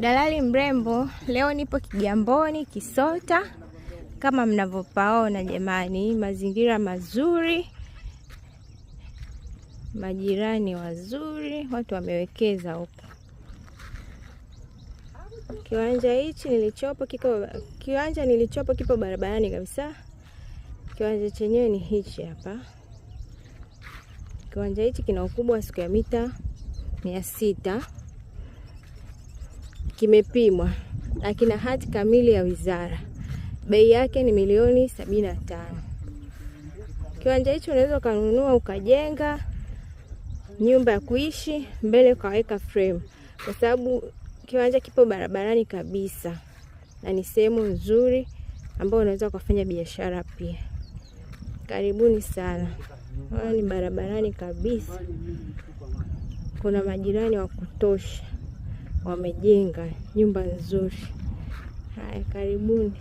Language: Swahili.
Dalali Mrembo. Leo nipo Kigamboni Kisota, kama mnavyopaona jamani, mazingira mazuri, majirani wazuri, watu wamewekeza huko. Kiwanja hichi nilichopo kiko, kiwanja nilichopo kipo barabarani kabisa. Kiwanja chenyewe ni hichi hapa. Kiwanja hichi kina ukubwa wa siku ya mita mia sita kimepimwa na kina hati kamili ya wizara. Bei yake ni milioni sabini na tano. Kiwanja hicho unaweza ukanunua ukajenga nyumba ya kuishi mbele, ukaweka frame, kwa sababu kiwanja kipo barabarani kabisa na ni sehemu nzuri ambayo unaweza ukafanya biashara pia. Karibuni sana. Haya ni barabarani kabisa, kuna majirani wa kutosha wamejenga nyumba nzuri. Haya, karibuni.